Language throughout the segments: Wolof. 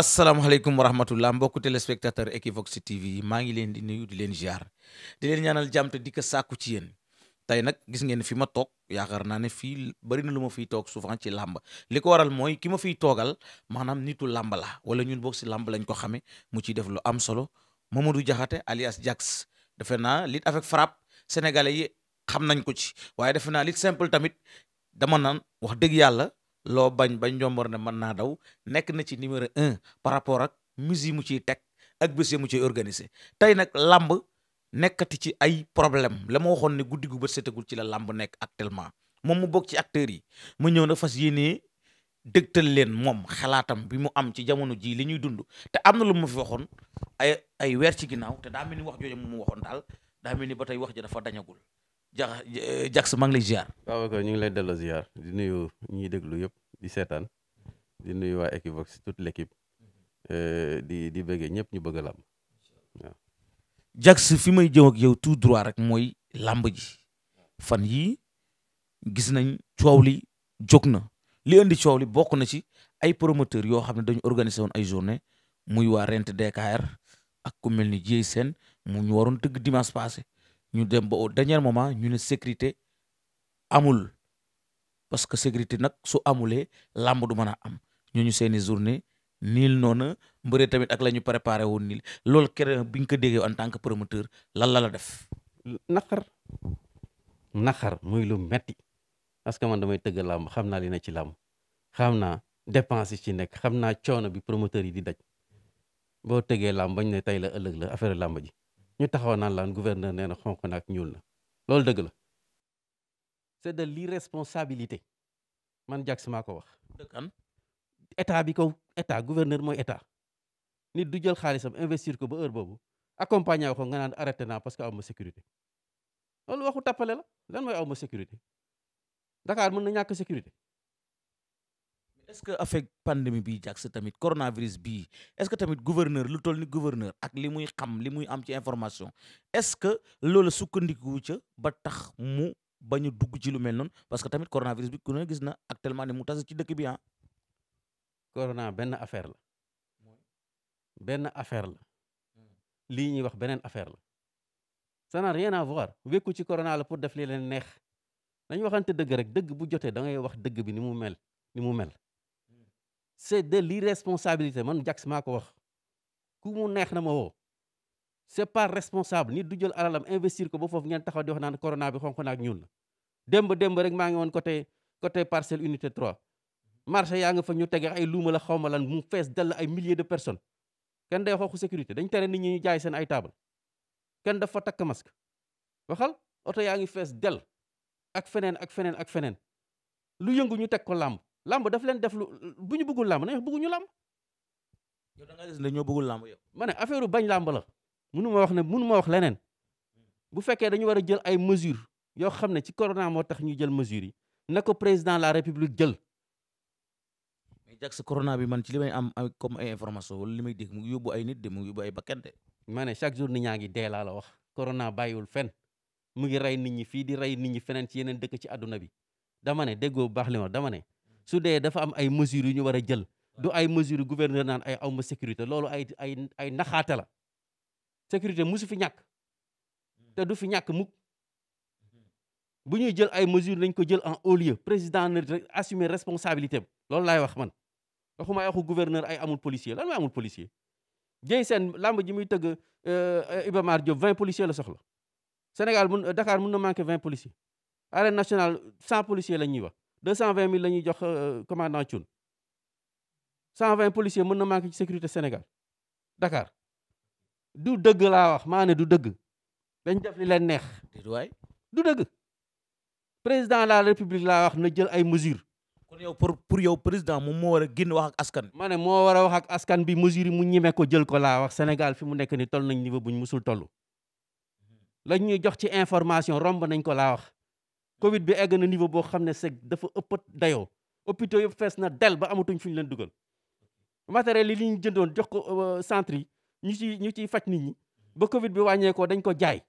asalaamaaleykum wa rahmatullah mbokku téléspectateur Equivox TV yi maa ngi leen di nuyu di leen ziar di leen ñaanal jàmm te di ko sàkku ci yéen tey nag gis ngeen fi ma toog yaakaar naa ne fii bëri na lu ma fiy toog souvent ci làmb li ko waral mooy ki ma fiy toogal maanaam nitu làmb la wala ñun boog si làmb lañ ko xamee mu ciy def lu am solo Mamadou Diakhaté alias Jax defe naa lutte avec frappe sénégalais yi xam nañ ko ci waaye defe naa lutte simple tamit dama naan wax dëgg yàlla. loo bañ bañ njomboor na mën naa daw nekk na ci numéro un par rapport ak mise yi mu ciy teg ak bés yi mu ciy organisé tey nag làmb nekkati ci ay problème la ma waxoon ne guddi gu bët setagul ci la làmb nekk actuellement moom mu bokk ci acteur yi ma ñëw na fas yéenee dëgtal leen moom xalaatam bi mu am ci jamono ji li ñuy dund te am na lu mu fi waxoon ay ay weer ci ginnaaw te daa mel ni wax jooju mu waxoon daal daa mel ni ba tey wax ji dafa dañagul Dia Jax maa ngi lay ziar. waaw ñu ngi lay delloo ziar di nuyu ñiy déglu yëpp di seetaan di nuyu waa Equivox toute l'équipe euh, di di bëggee ñëpp ñu bëgg a làmb Jax fi may jëm ak yow tout droit rek mooy làmb ji fan yi gis nañ coow li jóg na li indi coow li bokk na ci ay promoteurs yoo xam ne dañu organiser woon ay journée muy waa Rent DKR ak ku mel ni Dieye Sène mu ñu waroon tëgg dimanche passé. ñu dem ba au dernier moment ñu ne sécurité amul parce que sécurité nag su amulee làmb du mën a am ñooñu seeni journée niil noonu mbëree tamit ak la ñu préparé woon niil loolu keneen bi ñu ko déggee en tant que promoteur lan la la def. naqar naqar muy lu metti parce que man damay tëgg làmb xam naa li na ci làmb xam naa dépense yi ci nekk xam naa coono bi promoteur yi di daj boo tegee làmb bañ ne tey la ëllëg la affaire làmb ji ñu taxaw naan laan gouverneur nee na xonq na ak ñuul na loolu dëgg la c'est de l'irresponsabilité man Diaks maa ko wax. état bi ko état gouverneur mooy état nit du jël xaalisam investir ko ba heure boobu accompagner ko nga naan arrêté naa parce que aw ma sécurité loolu waxu tappale la lan mooy aw ma sécurité Dakar mën na ñàkk sécurité est-ce que avec pandémie bi jàk si tamit coronavirus bii est-ce que tamit gouverneur lu toll ni gouverneur ak li muy xam li muy am ci information est-ce que loola sukkandiku ca ba tax mu bañu a dugg ci lu mel noonu parce que tamit coronavirus bi ku gis na actuellement ne mu tas ci dëkk bi ah corona benn affaire la benn affaire la hmm. lii ñuy wax beneen affaire la ça n'a rien à voir ci corona la pour def li leen neex dañu waxante dëgg rek dëgg bu jotee da ngay wax dëgg bi ni mu mel ni mu mel c'est de l'irresponsabilité man Jax maa ko wax ku mu neex na ma woo c'est pas responsable ni du jël alalam investir ko ba foof ngeen taxaw di wax naan corona bi xonq na ak ñuul na demba démb rek maa ngi woon côté côté parcelle unité 3 marché yaa ngi fa ñu tege ay luuma la xaw ma lan mu fees dell ay milliers de personnes kenn day xooxu sécurité dañ tere ni ñi ñu jaay seen ay table kenn dafa takk masque waxal oto yaa ngi fees dell ak feneen ak feneen ak feneen lu yëngu ñu teg ko làmb làmb daf leen def lu bu ñu bëggul làmb nañu bëgguñu làmb. yow da nga gis ñoo bëggul làmb yow. ma bañ làmb la mënu ma wax ne mënu ma wax leneen hmm. bu fekkee dañu war a jël ay mesures yoo xam ne ci corona moo tax ñu jël mesures yi na ko président la république jël. mais jag sa corona bi man ci li may am comme ay information wala li may dégg mu ngi yóbbu ay nit de mu ngi yóbbu ay bakkan de. ma chaque jour ni ñaa ngi dee laa la wax corona bàyyiwul fenn mu ngi rey nit ñi fii di rey nit ñi feneen ci yeneen dëkk ci àdduna bi dama ne déggoo baax li ma su dee dafa am ay mesures yu ñu war a jël du ay mesures gouverneur naan ay awma sécurité loolu ay ay ay naxaate la sécurité musu fi ñàkk te du fi ñàkk muk bu ñuy jël ay mesures nañ ko jël en haut lieu président na assumer responsabilité loolu laay wax man waxuma waxu gouverneur ay amul policier lan mooy amul policier jëy seen làmb ji muy tëgg euh, Iba Mar Diop vingt policiers la soxla Sénégal mun Dakar mun na manqué vingt policier arène national cent policiers la ñuy wax deux cent vingt mille la ñuy jox euh, commandant Thioune cent vingt policiers mën na manqué ci sécurité Sénégal Dakar du dëgg laa wax maa ne du dëgg dañ def li leen neex du dëgg président de la république laa wax na jël ay mesures kon yow pour pour yow président moom moo war a génn wax ak askan ma ne moo war a wax ak askan bi mesures yi mu ñime ko jël ko laa wax Sénégal fi mu nekk ni toll nañ niveau buñ musul toll mm-hmm. lañ ñuy jox ci information romb nañ ko laa wax Covid bi egg na niveau boo xam ne c'est dafa ëpp dayoo hôpitaux yëpp fees na del ba amatuñ fu ñu leen dugal matériel yi li ñu jëndoon jox ko euh, centre yi ñu ci ñu ciy faj nit ñi ba Covid bi wàññeekoo dañ ko jaay.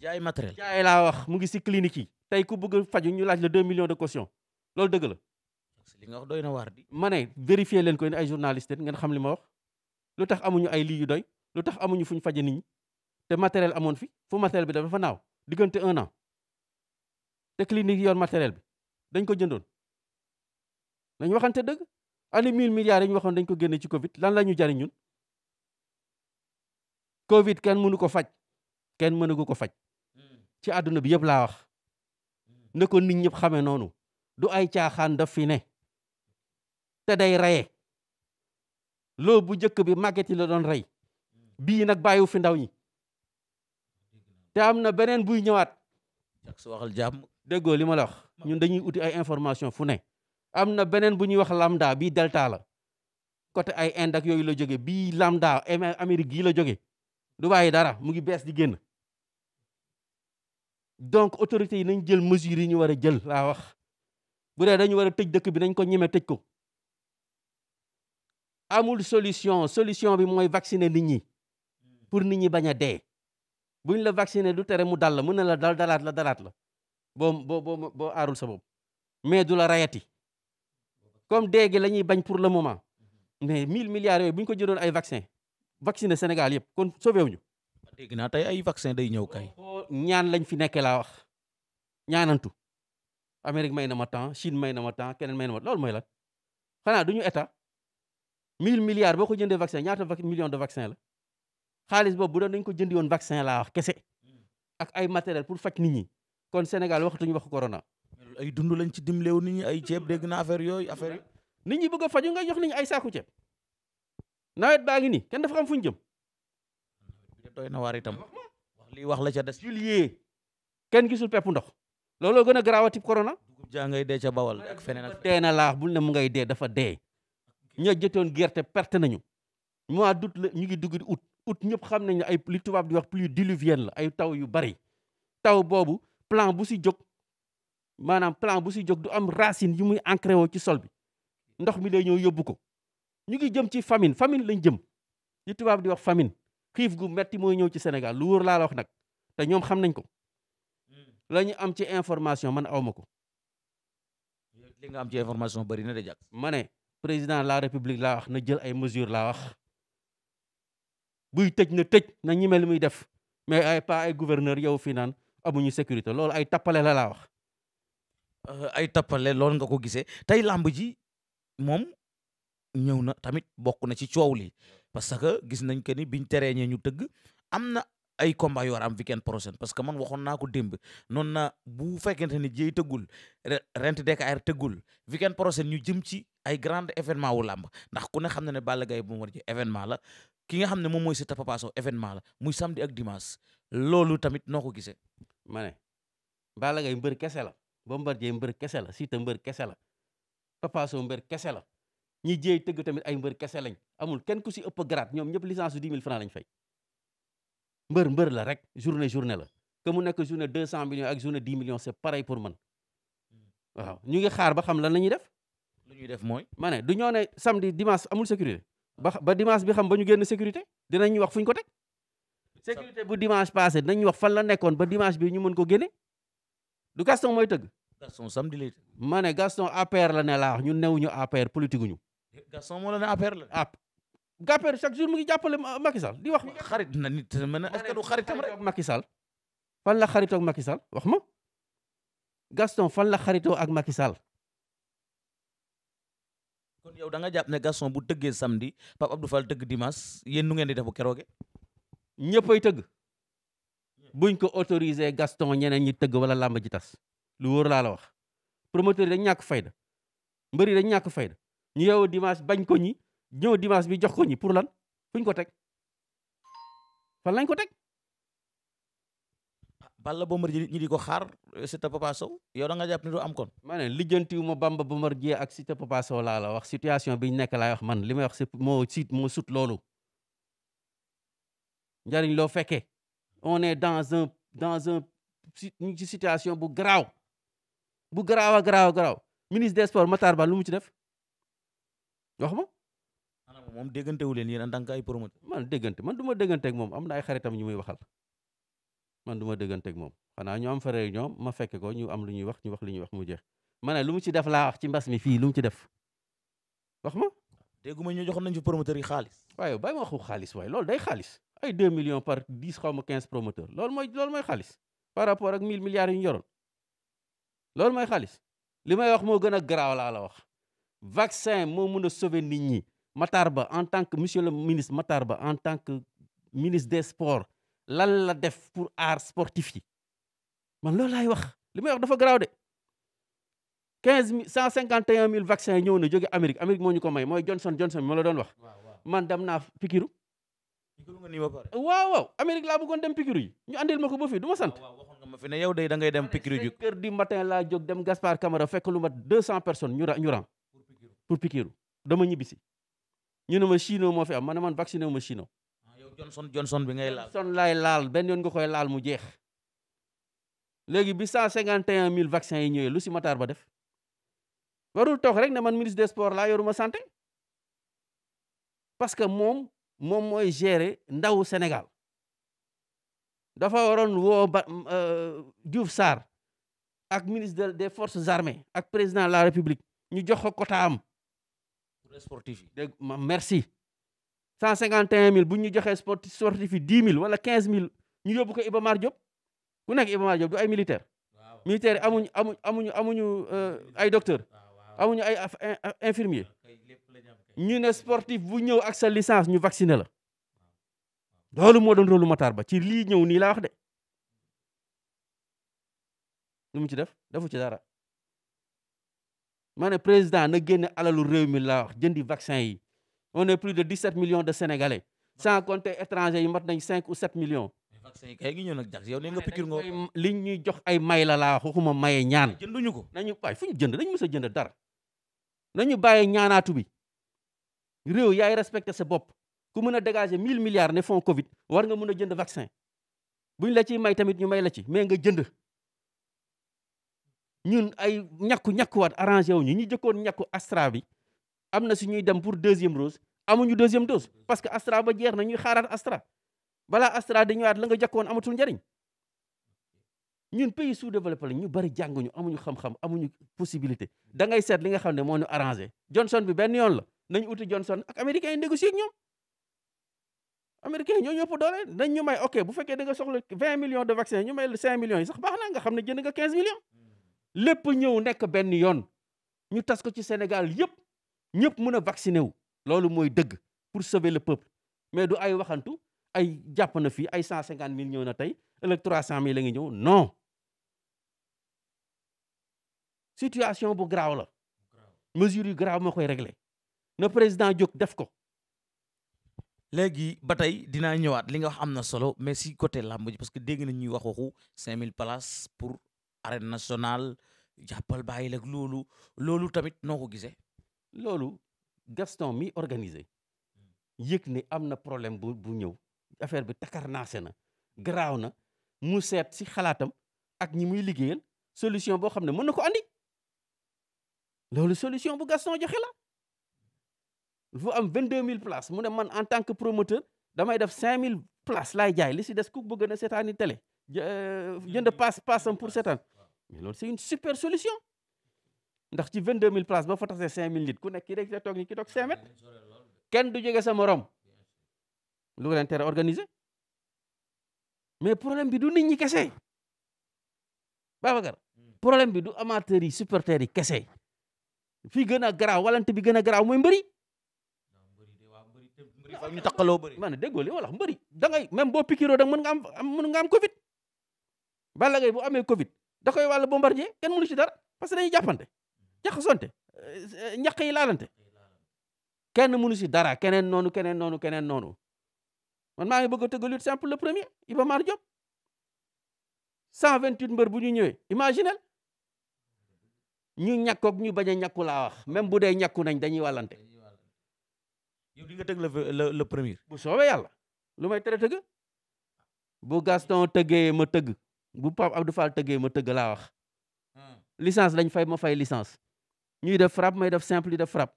jaay matériel jaay laa wax mu ngi si clinique yi. tey ku bëgg faju ñu laaj la 2 millions de caution lool dëgg la. li nga wax doy na waar di. ma ne vérifier leen ko ne ay journaliste ngeen xam li ma wax lu tax amuñu ay lii yu doy lu tax amuñu fu ñu faje nit ñi te matériel amoon fi fu matériel bi dafa naaw diggante un an. te clinique yoon matériel bi dañ ko jëndoon dañ waxante dëgg ani mille milliards ñu waxoon dañ ko génne ci Covid lan la ñu jariñ ñun Covid kenn mënu ko faj kenn mënu ko faj ci àdduna bi yëpp laa wax ne ko nit ñëpp xamee noonu du ay caaxaan daf fi ne te day reye loo bu jëkk bi màgget yi la doon rey bii nag bàyyiwu fi ndaw ñi te am na beneen buy ñëwaat. déggoo li ma la wax ñun dañuy uti ay information fu ne am na beneen bu ñuy wax lambda bii delta la côté ay Inde ak yooyu la jóge bii lambda Amérique gii la joge du bàyyi dara mu ngi bees di génn donc autorités yi nañ jël mesures yi ñu war a jël laa wax bu dee dañu war a tëj dëkk bi nañ ko ñeme tëj ko amul solution solution bi mooy vacciner nit ñi pour ni ñi bañ a dee buñ la vacciner du tere mu dal la mën na la dal dalaat la dalaat la boo boo boo boo aarul sa bopp mais du la rayati comme dégg la ñuy bañ pour le moment mais 1000 milliards yooyu bu ñu ko jëloon ay vaccin vacciné senegal yëpp kon sauvé wuñu dégg naa tey ay vaccin day ñëw kay. ñaan lañ fi nekkee laa wax ñaanantu Amérique may na ma temps Chine may na ma temps keneen may na ma loolu mooy lan xanaa du ñu état 1000 milliards boo ko jëndee vaccin ñaata million de vaccin la xaalis boobu bu dañ ko jëndi woon vaccin laa wax kese hmm. ak ay matériel pour faj nit ñi. kon Sénégal waxatuñu waxu corona. ay dund lañ ci dimleew nit ñi ay ceeb dégg na affaire yooyu affaire yi. nit ñi bëgg a faju nga jox ni ñu ay saaku ceeb nawet baa ngi ni kenn dafa xam fu ñu jëm. doy na waar itam wax lii wax la ca des. juillet kenn gisul peppu ndox. looloo gën a garaawati corona. dugub jaa ngay ca bawal ak feneen ak dee na laax bul ne mu ngay dee dafa dee. ña jotoon gerte perte nañu. mois d'août la ñu ngi dugg ut août ñëpp xam nañ ay li tubaab di wax pluie diluvienne la ay taw yu bari taw boobu plan bu si jog maanaam plan bu si jóg du am racine yu muy ancré woo ci sol bi ndox mi day ñëw yóbbu ko ñu ngi jëm ci famine famine lañ jëm li tubaab di wax famine xiif gu metti mooy ñëw ci Sénégal lu wóor laa wax nag te ñoom xam nañ ko hmm. la ñu am ci information man awma ko. li nga am ci bari na de jàpp. ma ne président la république laa wax na jël ay mesures laa wax buy tëj na tëj na ñime li muy def mais ay pas ay gouverneur yow fii naan amuñu sécurité loolu ay tappale la laa wax. Euh, ay tappale loolu nga ko gisee tey làmb ji moom ñëw na tamit bokk na ci coow li parce que gis nañ que ni biñ teree ñee ñu tëgg am na ay combat yu war am weekend prochain parce que man waxoon naa ko démb noonu na bu fekkente ni jéy tëggul rent DKR tëggul weekend prochain ñu jëm ci ay grand événement wu làmb ndax ku ne xam na ne bala Gaye bu mu war ji événement la ki nga xam ne moom mooy Siteu Papa Sow événement la muy samedi ak dimanche loolu tamit noo ko gisee ma ne Balla Gaye mbër kese la Bombardier mbër kese la Siteu mbër kese la Papa Sow mbër kese la ñi jéey tëgg tamit ay mbër kese lañ amul kenn ku si ëpp grade ñoom ñëpp licence su 10 lañ fay mbër mbër la rek journée journée la que mu nekk journée 200 millions ak journée 10 millions c'est pareil pour man hmm. waaw ñu ngi xaar ba xam lan la ñuy def. lu ñuy def mooy. ma ne du ñoo ne samedi dimanche amul sécurité ba ba dimanche bi xam ba ñu génn sécurité dinañ wax fu ko teg. sécurité bu dimanche passé dinañ wax fan la nekkoon ba dimanche bi ñu mën ko génne du Gaston mooy tëgg. Gaston samedi lay tëgg. ma ne Gaston APR la ne laa wax ñu newuñu APR politique gu ñu. Gaston moo la ne APR la. ah APR chaque jour mu ngi jàppale Macky Sall di wax. xarit na nit ma ne est-ce que du xaritam rek Macky Sall. fan la xaritoo ak Macky wax ma Gaston fan la xaritoo ak Macky yow da nga jàpp ne Gaston bu tëggee samedi Pape Abdou yéen nu ngeen di def ñëppay tëgg buñ ko autorisé Gaston ñeneen ñi tëgg wala làmb ji tas lu wóor laa la wax promoteur yi dañ ñàkk fayda mbëri dañ ñàkk fayda ñu yeewu dimanche bañ ko ñi ñëw dimas bi jox ko ñi pour lan fuñ ko teg fan lañ ko teg ah, Balla Bombardier ñi di ko xaar euh, Siteu Papa Sow yow da nga jàpp ni doo am kon maa ne lijjantiwu Bamba Bombardier ak Siteu Papa Sow laa la wax situation biñ nekk laay wax man li may wax si moo siit moo sut loolu njariñ loo fekkee on est dans un dans un ci situation bu garaaw bu garaaw a garaaw a garaaw ministre des sports Matar Ba lu mu ci def wax ma. maanaam moom déggante leen yéen en tant que ay promoteur. man déggante man du ma dégganteeg moom am na ay xaritam ñu muy waxal man du ma dégganteeg moom xanaa ñu am fa réunion ma fekke ko ñu am lu ñuy wax ñu wax li ñuy wax mu jeex ma ne lu mu ci def laa wax ci mbas mi fii lu mu ci def wax ma. dégguma ñu joxoon nañ ci promoteur yi xaalis. waaye bàyyi ma waxu xaalis waaye loolu day xaalis. ay 2 millions par 10 xaw ma 15 promoteurs loolu mooy loolu mooy xaalis par rapport ak 1000 milliards yu ñu yoroon loolu mooy xaalis li may wax moo gën a garaaw laa la wax vaccin moo mun a nit ñi Matar Ba en tant que monsieur le ministre Matar Ba en tant que ministre des sports lan la def pour aar sportif yi man loolu laay wax li may wax dafa garaaw de 15 mille 151 mille vaccin ñëw na jóge Amérique Amérique moo ñu ko may mooy Johnson Johnson bi ma la doon wax man dem naa pikiru waaw waaw Amérique laa bëggoon dem piqûre yi ñu andil ma ko ba fii du ma sant. waaw waxoon nga ma fi ne yow day da ngay dem piqûre yi. heure du matin laa jóg dem Gaspard Camara fekk lu mat personnes ñu pour piqûre dama ñibbisi ñu ne ma chino moo fi am ma man vacciné wu ma chino. Ah, yow Johnson Johnson bi ngay laal. Johnson laay laal benn yoon nga koy laal mu jeex. léegi bi 151 000 vaccins yi ñëwee lu si Matar Ba def warul toog rek ne man ministre des sports laa yoruma santé parce que moom. moom mooy gérer ndawu Sénégal dafa waroon woo ba euh, Diouf Sarr ak ministre des force armées ak président la république ñu jox ko quota am. sportif yi dégg merci. cent cinquante et un mille bu ñu joxee sportif sportif yi dix mille wala quinze mille ñu yóbbu ko Iba Mar Diop ku nekk Iba Mar Diop du ay militaire militaire yi amu amuñu amuñu amuñu euh, ay docteur ah, amuñu ay infirmier ñu ne sportif bu ñëw ak sa licence ñu vacciné la loolu moo doon rôlu Matar Ba ci lii ñëw nii laa wax de lu mu ci def defu ci dara maa président na génne alalu réew mi laa wax jëndi vaccin yi on est plus de 17 millions de sénégalais sans yi mat nañ 5 ou 7 millions. gi ñëw nag jax yow ne nga ah, li ñuy jox ay may la laa wax waxuma maye ñaan. jënduñu ko nañu waay fu ñu jënd dañu mës a jënd dara nañu bàyyee ñaanaatu bi. réew yaay respecté sa bopp ku mën a dégager 1000 milliards ne fonds Covid war nga mën a jënd vaccin buñ la ciy may tamit ñu may la ci mais nga jënd ñun ay ñàkku waat arrangé wu ñu ñu jëkkoon ñàkku Astra bi am na si ñuy dem pour deuxième dose amuñu deuxième dose parce que Astra ba jeex na ñuy xaaraat Astra balaa Astra di ñëwaat la nga jëkkoon amatul njariñ ñun pays sous-développé la ñu bari ñu amuñu xam-xam possibilité da ngay seet li nga xam ne moo ñu arrangé Johnson bi benn yoon la. nañ uti Johnson ak américains yi négocier ak ñoom américains ñoo ñëpp doole nañ ñu may ok bu fekkee da nga soxla vingt millions de vaccins ñu may cinq millions yi sax baax na nga xam ne jënd nga quinze millions lépp ñëw nekk benn yoon ñu tas ko ci Sénégal yëpp ñëpp mën a vacciner wu loolu mooy dëgg pour sauver le peuple mais du ay waxantu ay jàpp na fii ay cent cinquante mille ñëw na tey ëllëg trois cent mille la ngi ñëw non situation bu graaw la mesure yu graaw moo koy réglé na président jóg def ko. léegi ba tey dinaa ñëwaat li nga wax am na solo mais si côté làmb parce que dégg nañ ñuy wax waxu mille places pour arène nationale jàppal bàyyi la loolu loolu tamit noo ko gisee. loolu Gaston mi organisé yëg ne am na problème bu bu ñëw affaire bi takar naase na garaaw na mu seet si xalaatam ak ñi muy liggéeyal solution boo xam ne mën na ko andi loolu solution bu Gaston joxe la. dafa am 22000 place mu ne man en tant que promoteur damay def 5000 places laay jaay li si des ku bëgg na seetaani télé euh, jënd paas paasam pour seetaan mais loolu c'est une super solution ndax ci 22000 places ba fa tasee 5000 nit ku nekki ki rek sa toog ni ki toog 5 mètres kenn du jóge sa morom lu leen tere organisé mais problème bi du nit ñi kese Babacar problème bi du amateur yi supporters yi kese fii gën a garaaw walante bi gën a garaaw mooy mbëri il faut ñu taqaloo bëri. maanaam déggoo li wala mbëri da ngay même boo pikiroo da mën nga am mën nga am Covid. Balla Gaye bo amee Covid da koy wàll bombardier kenn mënu ci dara parce que dañuy jàppante jaxasonte euh, ñaq yi laalante kenn mënu ci dara keneen noonu keneen noonu keneen noonu man maa ngi bëgg a tëgg lutte simple le premier Iba Mar Diop. 128 mbar bu ñu ñëwee imaginel ñu ñàkkoog ñu bañ a ñàkku laa wax même bu dee ñàkku nañ dañuy wàllante. yow di nga tëgg le premier. bu soobee yàlla lu may tere tëgg bu Gaston tëggee ma tëgg bu Pape Abdou Fall tëggee ma tëgg laa wax. Hmm. licence lañ fay ma fay licence. ñuy def frappe may def simple yi def frappe.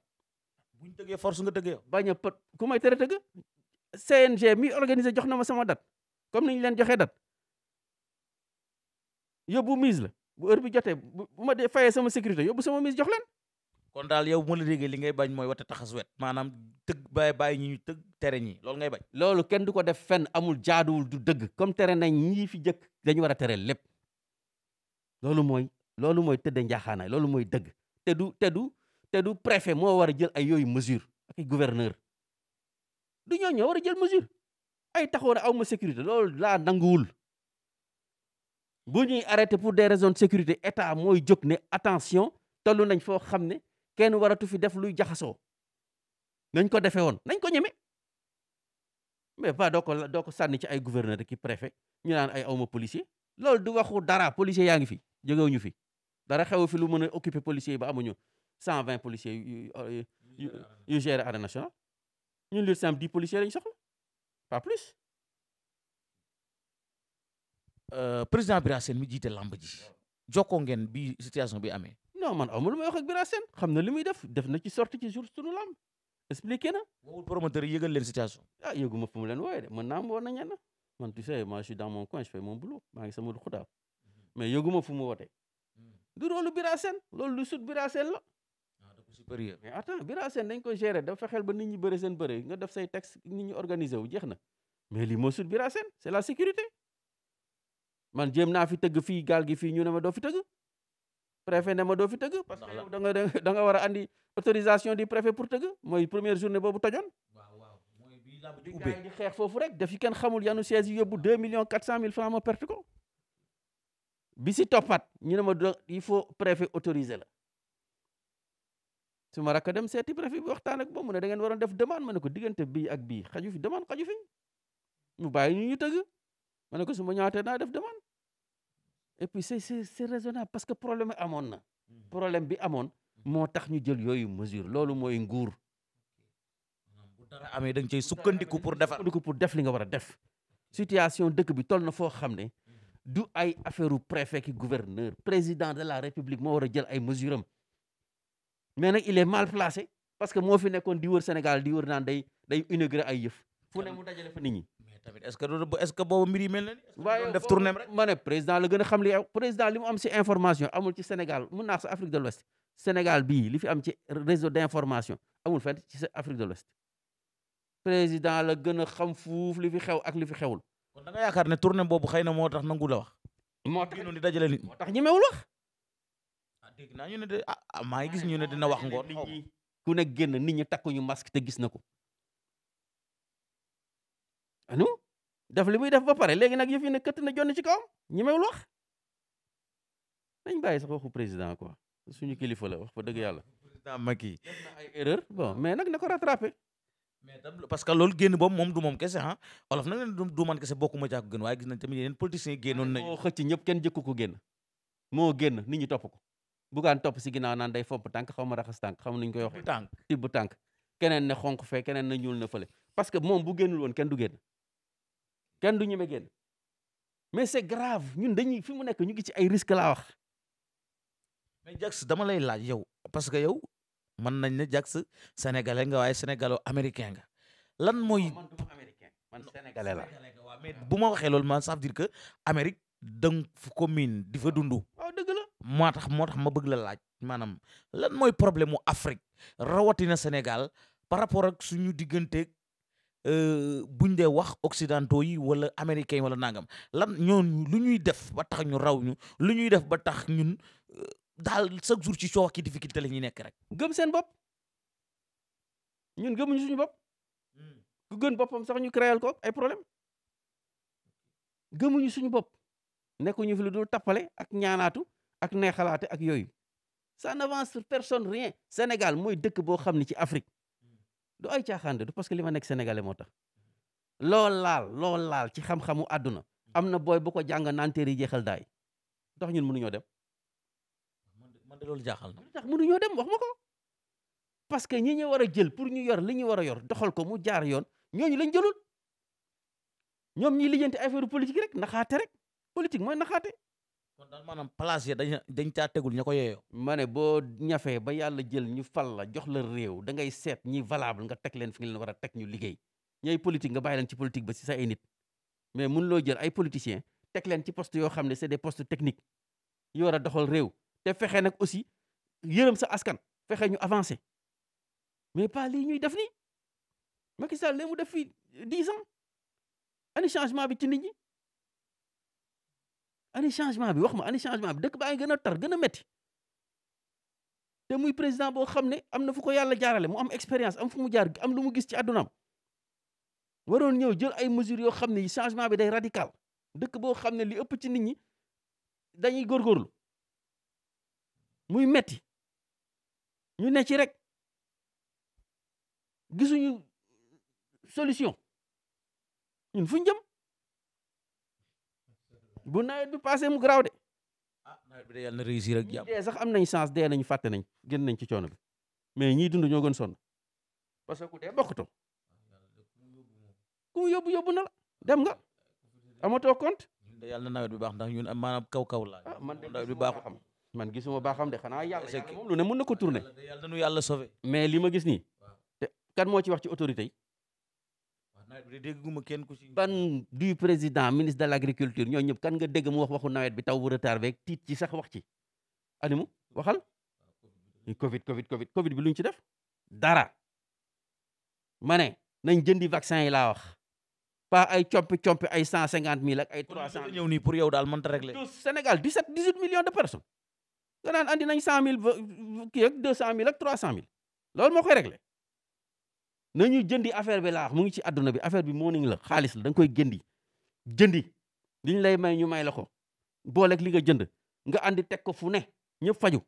buñ tëggee force nga tëggee. bañ a ku may tere tëgg. CNG mi organisé jox na ma sama date comme ni leen joxee date yóbbu mise la bu heure bi jotee bu ma dee fayee sama sécurité yóbbu sama mise jox leen. kon daal yow mën a déggee li ngay bañ mooy wate taxas wet maanaam tëgg bàyyi bàyyi ñi ñu tëgg tere ñi loolu ngay bañ loolu kenn du ko def fenn amul jaaduwul du dëgg comme tere nañ ñii fi jëkk dañu war a tere lépp loolu mooy loolu mooy tëdde njaaxaanaay loolu mooy dëgg te du te du te du préfet moo war a jël ay yooyu mesure ak ay du ñoo ñoo war a jël mesure ay taxoon aw ma sécurité loolu laa nanguwul bu ñuy arrêté pour des raisons de sécurité état mooy jóg ne attention tollu nañ foo xam ne kenn waratu fi def luy jaxasoo nañ ko defee woon nañ ko ñeme mais ba doo ko sànni ci ay gouverneur ki préfet ñu naan ay awma policier lool du waxu dara policier yaa ngi fi jógewuñu fi dara xew fi lu mën a occuper policier yi ba amuñu cent vingt policiers yu yu gérer arène nationale ñun lutte lañ soxla pas plus euh, président Bira Sène mi jiite lamb ji jokkoo ngeen bi situation bi amee non man amul may wax ak Bira xam na li muy def def na ci sorti ci jour sunu lamb expliqué na. woowul promoteur yi yëgal leen situation. ah yëguma fu mu leen wooyee na ñenn man tu sais moi je suis dans mon coin je fais mon boulot maa ngi sama xutaab mhm. mais yëguma mhm. du loolu Bira Sène loolu lu sut Bira Sène la. Ah, supérieur mais attends Bira Sène dañ ko gérer da fexeel ba nit ñi bëri seen bëri nga def say texte nit ñi wu jeex na mais lii moo sut Bira Sène c'est la sécurité man jéem naa fi tëgg fii gaal gi fii ñu ne ma doo fi tëgg préfet ne ma doo fi tëgg parce que da a andi autorisation du préfet pour tëgg mooy première journée boobu tojoon di xeex foofu rek dafi kenn xamul yanu siège yi yóbbu deux millions quatre cent mille francs ma perte ko bi si toppat ñu ne ma do il faut préfet autoriser la su ma rakk dem seeti préfet bi waxtaan ak moom mu ne da ngeen waroon def demande ma ne ko diggante bi ak bi xaju fi demande xaju fi mu bàyyi ñu ñu tëgg ma ne ko su ma naa def demande et puis c'est c'est c'est raisonnable parce que problème amoon na mmh. problème bi amoon mmh. moo tax ñu jël yooyu mesure loolu mooy nguur bu dara amee da nga sukkandiku pour defar sukkandiku pour def li nga war a def situation dëkk bi toll na foo xam ne mmh. du ay affaire u préfet ki gouverneur président de la république moo war a jël ay mesure am mais nag il est mal placé parce que moo fi nekkoon di wër Sénégal di wër naan day day inaugurer ay yëf fu ne mu dajale fa nit ñi tamit est-ce que est-ce que boobu mbir yi mel na ni. waaye def tournée rek ma ne président la gën a xam li président li mu am si information amul ci Sénégal mun naa sa Afrique de l'Ouest Sénégal bii li fi am ci réseau d'information amul fenn ci Afrique de l'Ouest président la gën a xam fuuf li fi xew ak li fi xewul. kon da nga yaakaar ne tournée boobu xëy na moo tax nangu la wax. moo tax di dajale nit moo tax ñemewul wax. ah dégg naa ñu ne de ah, ah maa ngi gis ñu ne dina wax ngoon. ku ne génn nit ñi takkuñu masque te gis na ko. anu def li muy def ba pare léegi nag yëf yi na këtt na jonn ci kawam ñi mewul wax dañ bàyyi sax waxu président quoi ñu kilifa la wax fa dëgg yàlla. président Macky def na ay erreur nag na ko rattrapé. mais tam parce que loolu génn boobu moom du moom kese ah olof nag ne du man kese bokkuma ci ak gën waaye gis nañ tamit yeneen politiciens yi génnoon nañu. moo ñëpp kenn jëkku ko génn moo génn nit ñi topp ko bugaan topp si ginnaaw naan day fopp tànk xaw ma raxas tànk xam nañ koy wax. tànk tibb tànk keneen ne xonq fee keneen ne ñuul na fële parce que moom bu génnul woon kenn du génn kenn du ñeme génn mais c'est grave ñun dañuy fi mu nekk ñu ngi ci ay risque laa wax. mais Jax dama lay laaj yow parce que yow mën nañ ne Jax sénégalais nga waaye sénégalo américain nga lan mooy. man man sénégalais la bu ma waxee loolu man ça veut dire que Amérique danga fu commune di fa dund. waaw dëgg la moo tax moo tax ma bëgg la laaj maanaam lan mooy problème mu Afrique rawatina Sénégal par rapport ak suñu digganteeg. Euh, buñ dee wax occidentaux yi wala américains yi wala nangam lan ñooñu lu ñuy def ba tax ñu raw ñu lu ñuy def ba tax ñun euh, daal chaque jour ci coow ki difficulté la ñuy nekk rek. gëm seen bopp ñun gëmuñu suñu bopp hmm. ku gën boppam sax ñu créé ko ay problème gëmuñu suñu bopp nekkuñu fi lu dul tappale ak ñaanaatu ak ne neexalaate ak yooyu ça n'avance personne rien Sénégal mooy dëkk boo xam ne ci Afrique. du ay caaxaan de du parce que li ma nekk sénégalais moo tax lool laal lool laal ci xam-xamu àdduna am na booy bu ko jàng naan téere yi jeexal daay dox ñun mënuñoo dem. man de loolu jaaxal na. mënuñoo dem wax ma ko parce que ñi ñu war a jël pour ñu yor li ñu war a yor doxal ko mu jaar yoon ñooñu lañ jëlul ñoom ñiy lijjanti affaire politique rek naxaate rek politique mooy naxaate. moon daal maanaam place ya dañ dañ caa tegul ña ko yeyoo ma ne boo ñafee ba yàlla jël ñu fal la jox la réew da ngay seet ñi valable nga teg leen fi nga war a teg ñu liggéey ñay politique nga bàyyi leen ci politique ba si sa ay nit mais mun loo jël ay politiciens teg leen ci poste yoo xam ne c'est des postes techniques yu war a doxal réew te fexe nag aussi yërëm sa askan fexe ñu avancer mais pas lii ñuy def nii Macky Sall mu def fii dix ans ani changement bi ci nit ñi ani changement bi wax ma ani changement bi dëkk baa ngi gën a tar gën a métti te muy président boo xam ne am na fu ko yàlla jaarale mu am expérience am fu mu jaar am lu mu gis ci àddunaam waroon ñëw jël ay mesures yoo xam ne changement bi day radical dëkk boo xam ne li ëpp ci nit ñi dañuy góorgóorlu muy metti ñu ne ci rek gisuñu solution ñun fu bu nawet bi passé mu garaaw de. ah de yàlla réussir ak jàmm. sax am nañ chance de nañ fàtte nañ génn nañ ci coono bi mais ñii dund ñoo gën sonn parce que ku dee bokkutoo ku mu yobbu yóbbu na dem nga amatoo compte. ñun de yàlla na nawet bi baax ndax ñun maanaam kaw kaw laa. ah man de nawet bi baaxul xam man gisuma baaxam de xanaa yàlla yàlla moom lu ne mën na ko tourner. yàlla na nu yàlla sauvé. mais li ma gis nii. te kan moo ci wax ci autorité dégguma kenn ku si. ban du président ministre de l' agriculture ñoo ñëpp kan nga dégg mu wax waxu nawet bi taw bu retard beeg tiit ci sax wax ci. animu waxal. covid covid covid covid bi luñ ci def. dara. ma ne nañ jëndi vaccin yi laa wax. pas ay compi compi ay cent cinquante mille ak ay trois cent. ñëw pour yow daal mënta régler. Sénégal dix sept dix huit millions de personnes. nga naan andi nañ mille kii ak deux cent mille ak trois cent mille. loolu moo koy régler. nañu jëndi affaire bi laax mu ngi ci àdduna bi affaire bi morning la xaalis la da nga koy gëndi jëndi liñ lay may ñu may la ko booleeg li nga jënd nga andi teg ko fu ne ñëpp faju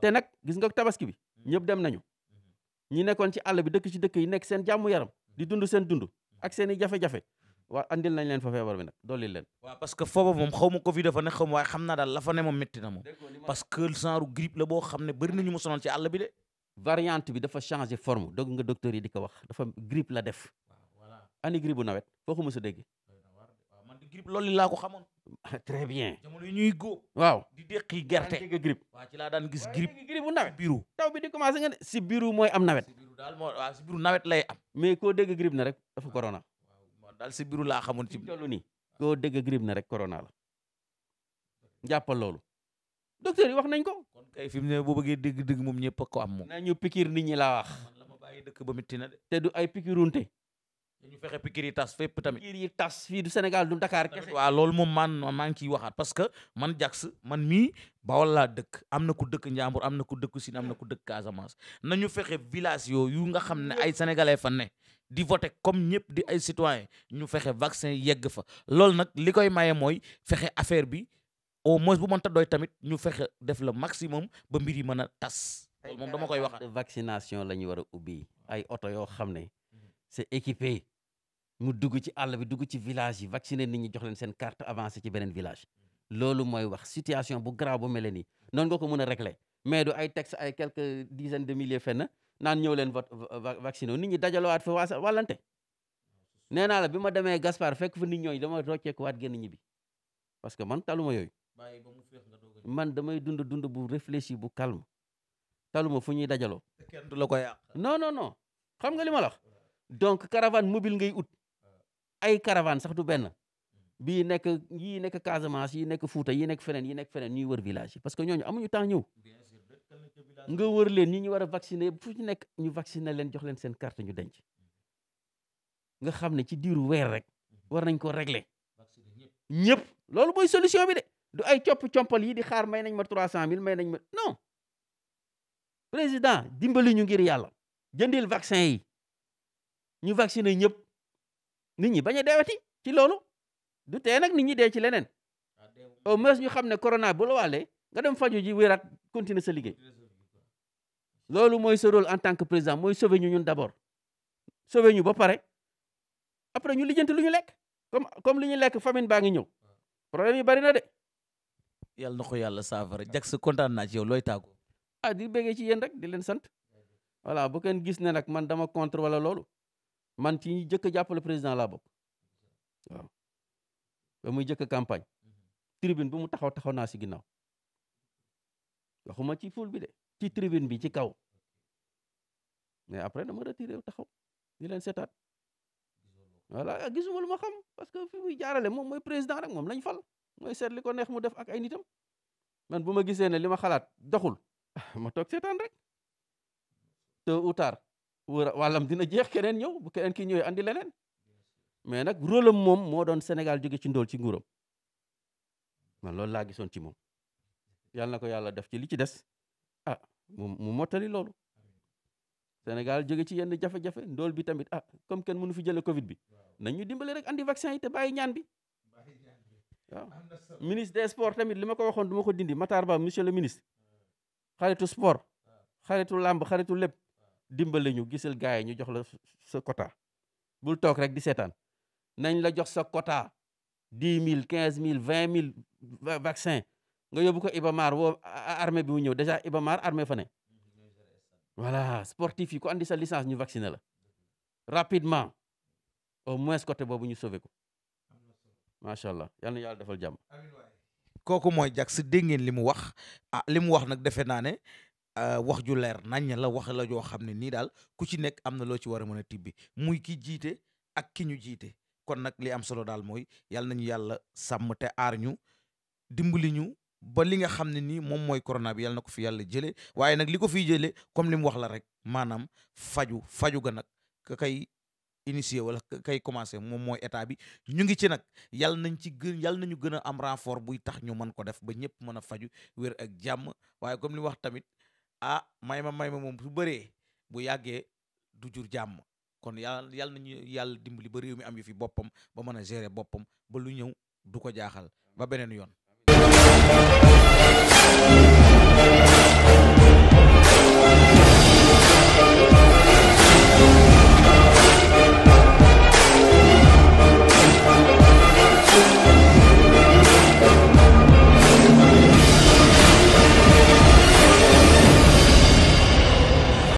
te nag gis nga tabaski bi mm. ñëpp dem nañu mm-hmm. ñi nekkoon ci àll bi dëkk ci dëkk yi nekk seen jàmm yaram di mm-hmm. dund seen dund ak mm-hmm. seen i jafe-jafe waa andil nañ leen fa feebar bi nag dolli leen. parce que foofu moom xaw ma Covid dafa ne xaw ma waaye xam naa daal la moom métti boo xam ne bëri na ñu ci àll bi de. variante bi dafa changé forme dog nga docteur yi di ko wax dafa gripp la def ani grippe bu nawet foo ko mos a dégg man di grippe loolu laa ko xamoon très bien jamono ñuy góob waaw di déqi gerte dégg waaw ci laa daan gis grippe bu nawet biiru taw bi di commencé nga ne si biiru mooy am nawet daal moo waaw nawet lay am mais koo dégg grippe na rek dafa corona daal si biiru laa xamoon ci toll nii koo dégg grippe na rek corona la jàppal loolu docteur yi wax nañ ko. fi mu ne boo bëggee dégg-dégg moom ñëpp ko am moom. nañu pikir nit ñi laa wax. man la métti na te du ay pikirunte. dañu fexe pikir tas fépp tamit. pikir yi tas du Sénégal du Dakar kese. loolu moom man maa ngi ciy waxaat parce que man Jax man mii Bawol laa dëkk am na ku dëkk Njambur am na ku dëkk Sine am na ku dëkk Casamance ñu fexe village yooyu nga xam ne ay sénégalais fa ne. di voté comme ñëpp di ay citoyen ñu fexe vaccin yegg fa loolu nag li koy maye mooy fexe affaire bi au moins bu mënta doy tamit ñu fexe def le maximum ba mbir yi mën a tas. dama koy wax de vaccination la ñu war a ubbi hmm. ay oto yoo xam ne hmm. c'est équipé mu dugg ci àll bi dugg ci village yi vacciner nit ñi jox leen seen carte avancée ci beneen village. Hmm. loolu mooy wax situation bu grave bu mel nii noonu nga ko mën a régler mais du ay texte ay quelques dizaines de milliers na naan ñëw leen vote vacciné nit ñi dajalowaat fa waa wàllante nee naa la bi ma demee Gaspard fekk fa nit ñooñu dama rocceekuwaat génn ñibbi parce que man taluma yooyu. bàyyi ba mu féex nga doog man damay dund dund bu réfléchi bu calme taluma fu ñuy dajaloo. kenn du la ko yàq. non non non xam nga li ma wax donc caravane mobile ngay ut ay caravan sax du benn mm. bii nekk yii nekk Casamance yi nekk Fouta yi nekk feneen yi nekk feneen ñuy wër village yi parce que ñooñu amuñu temps ñëw. nga wër leen ñi ñu war a vacciner fu ci nekk ñu vacciner leen jox leen seen carte ñu denc mm. nga xam ne ci diiru weer rek mm-hmm. war nañ ko régler ñëpp loolu mooy solution bi de du ay copp compal yi di xaar may nañ ma trois cent mille may nañ ma non président dimbali ñu ngir yàlla jëndil vaccin yi ñu vacciné ñëpp nit ñi bañ a deewati ci loolu du tee nag nit ñi dee ci leneen ah, au moins ñu xam ne corona bu la nga dem faju ji wéraat continuer sa liggéey loolu mooy sa rôle en tant que président mooy sauver ñun d'abord sauver ñu ba pare après ñu lijjanti lu ñu lekk comme comme li ñu lekk famine baa ngi ñëw ah. problème yi bari na de yàlla na ko yàlla saafara jag sa kontaan naa ci yow looy tàggu ah di béggee ci yéen rek di leen sant voilà bu kenn gis ne nag man dama contre wala loolu man ci ñi jëkk a jàppale président laa bokk waaw ba muy jëkk campagne mhm. tribune bi mu taxaw taxaw naa si ginnaaw waxuma ci ful bi de ci tribune bi ci kaw mais après dama retiré taxaw di leen seetaat voilà gisuma lu ma xam parce que fi muy jaarale moom mooy président rek moom lañ fal mooy seetli ko neex mu def ak ay nitam man bu ma gisee ne li ma xalaat doxul ma toog seetaan rek tôt ou tard wàllam dina jeex keneen ñëw bu keneen ki ñëwee andi leneen mais nag rôle am moom moo doon Sénégal jóge ci ndóol ci nguuram man loolu laa gisoon ci moom yàlla ko yàlla def ci li ci des ah mu mottali loolu senegal jóge ci yenn jafe-jafe ndóol bi tamit ah comme kenn mënu fi jëlee Covid bi nañ ñu dimbale rek andi vaccin yi te bàyyi ñaan bi. waaw ministre des sports tamit li ma ko waxoon du ko dindi Matar Ba monsieur le ministre xaritu sport ah. xaritu làmb xaritu lépp ah. dimbale ñu gisal gars yi ñu jox la sa quota bul toog rek di seetaan nañ la jox sa quota dix mille quinze mille vingt mille vaccin nga yóbbu ko Ibamar woo armée bi ñëw déjà Ibamar armée fa ne voilà sportif yi ku andi sa licence ñu vacciné la rapidement au moins côté boobu ñu sauvé ko macha allah yal na yàlla defal jàmm. kooku mooy jag si dégg ngeen li mu wax a ah, li mu wax nag defe naa ne ah, wax ju leer nañ la wax la joo xam ne nii daal ku ci nekk am na loo ci war a mën a tibbi muy ki jiite ak ki ñu jiite kon nag li am solo daal mooy yal nañu yàlla sàmm te aar ñu dimbali ñu. ba li nga xam ne nii moom mooy corona bi yàlla na ko fi yàlla jële waaye nag li ko fiy jëlee comme li wax la rek maanaam faju faju ga nag ka kay initié wala kay commencé moom mooy état bi ñu ngi ci nag yàlla nañ ci gën yàlla nañu gën a am renfort buy tax ñu mën ko def ba ñëpp mën a faju wér ak jàmm waaye comme li wax tamit a ah, may ma may ma moom su bëree bu yàggee du jur jàmm kon yàlla yàlla nañu yàlla dimbali ba réew mi am yu fi boppam ba mën a gérer boppam ba lu ñëw du ko jaaxal ba beneen yoon Thank